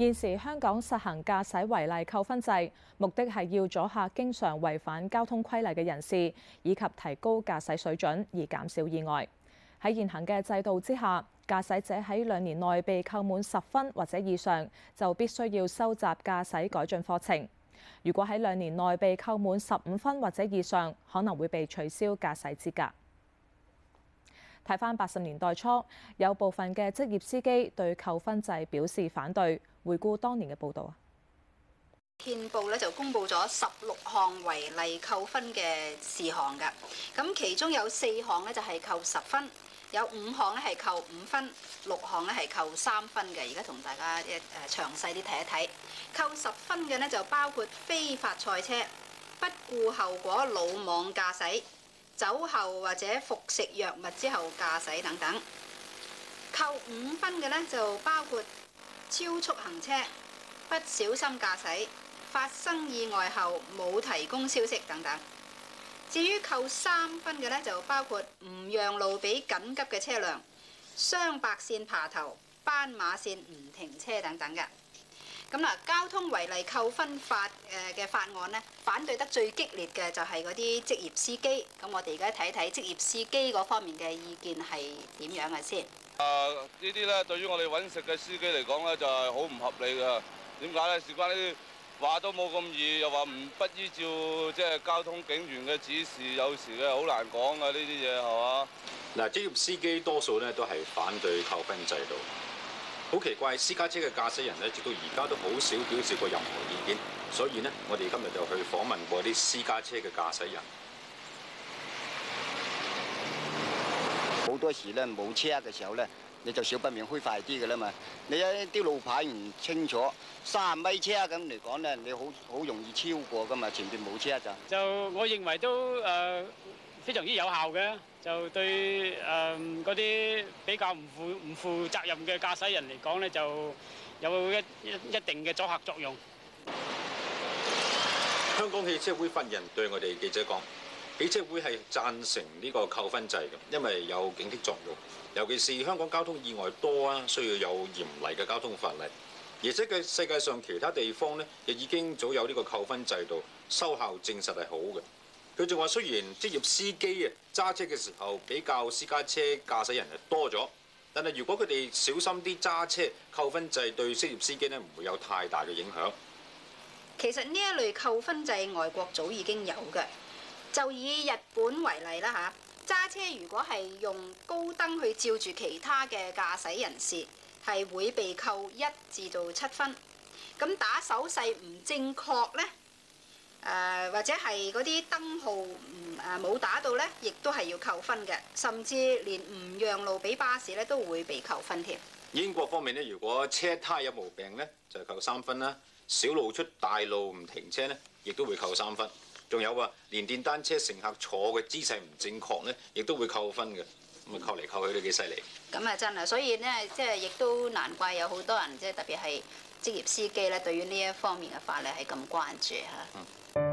現時香港實行駕駛違例扣分制，目的係要阻嚇經常違反交通規例嘅人士，以及提高駕駛水準，以減少意外。喺現行嘅制度之下，駕駛者喺兩年內被扣滿十分或者以上，就必須要修習駕駛改進課程。如果喺兩年內被扣滿十五分或者以上，可能會被取消駕駛資格。睇翻八十年代初，有部分嘅職業司機對扣分制表示反對。回顧當年嘅報導啊，憲報咧就公布咗十六項違例扣分嘅事項㗎。咁其中有四項咧就係扣十分，有五項咧係扣五分，六項咧係扣三分嘅。而家同大家嘅誒，詳細啲睇一睇，扣十分嘅呢就包括非法賽車、不顧後果魯莽駕駛，酒後或者服食藥物之後駕駛等等，扣五分嘅呢，就包括超速行車、不小心駕駛、發生意外後冇提供消息等等。至於扣三分嘅呢，就包括唔讓路俾緊急嘅車輛、雙白線爬頭、斑馬線唔停車等等嘅。咁啦，交通違例扣分法誒嘅法案咧，反對得最激烈嘅就係嗰啲職業司機。咁我哋而家睇一睇職業司機嗰方面嘅意見係點樣嘅先。啊，這些呢啲咧對於我哋揾食嘅司機嚟講咧，就係好唔合理㗎。點解咧？事關呢啲話都冇咁易，又話唔不依照即係交通警員嘅指示，有時咧好難講㗎呢啲嘢係嘛？嗱，職業司機多數咧都係反對扣分制度。好奇怪，私家車嘅駕駛人咧，直到而家都好少表示過任何意見。所以呢，我哋今日就去訪問過啲私家車嘅駕駛人。好多時咧冇車嘅時候咧，你就少不免開快啲嘅啦嘛。你一啲路牌唔清楚，三十米車咁嚟講咧，你好好容易超過㗎嘛。前段冇車就就，我認為都誒、呃、非常之有效嘅。就對誒嗰啲比較唔負唔負責任嘅駕駛人嚟講咧，就有一一定嘅阻嚇作用。香港汽車會法人對我哋記者講，汽車會係贊成呢個扣分制嘅，因為有警惕作用。尤其是香港交通意外多啊，需要有嚴厲嘅交通法例。而且嘅世界上其他地方咧，亦已經早有呢個扣分制度，收效證實係好嘅。佢仲話：雖然職業司機啊，揸車嘅時候比較私家車駕駛人係多咗，但係如果佢哋小心啲揸車，扣分制對職業司機呢唔會有太大嘅影響。其實呢一類扣分制，外國早已經有嘅，就以日本為例啦嚇。揸車如果係用高燈去照住其他嘅駕駛人士，係會被扣一至到七分。咁打手勢唔正確呢？或者係嗰啲燈號唔誒冇打到咧，亦都係要扣分嘅。甚至連唔讓路俾巴士咧，都會被扣分添。英國方面咧，如果車胎有毛病咧，就係扣三分啦。小路出大路唔停車咧，亦都會扣三分。仲有啊，連電單車乘客坐嘅姿勢唔正確咧，亦都會扣分嘅。咁啊，扣嚟扣去都幾犀利。咁啊，真係，所以咧，即係亦都難怪有好多人即係特別係職業司機咧，對於呢一方面嘅法律係咁關注嚇、嗯。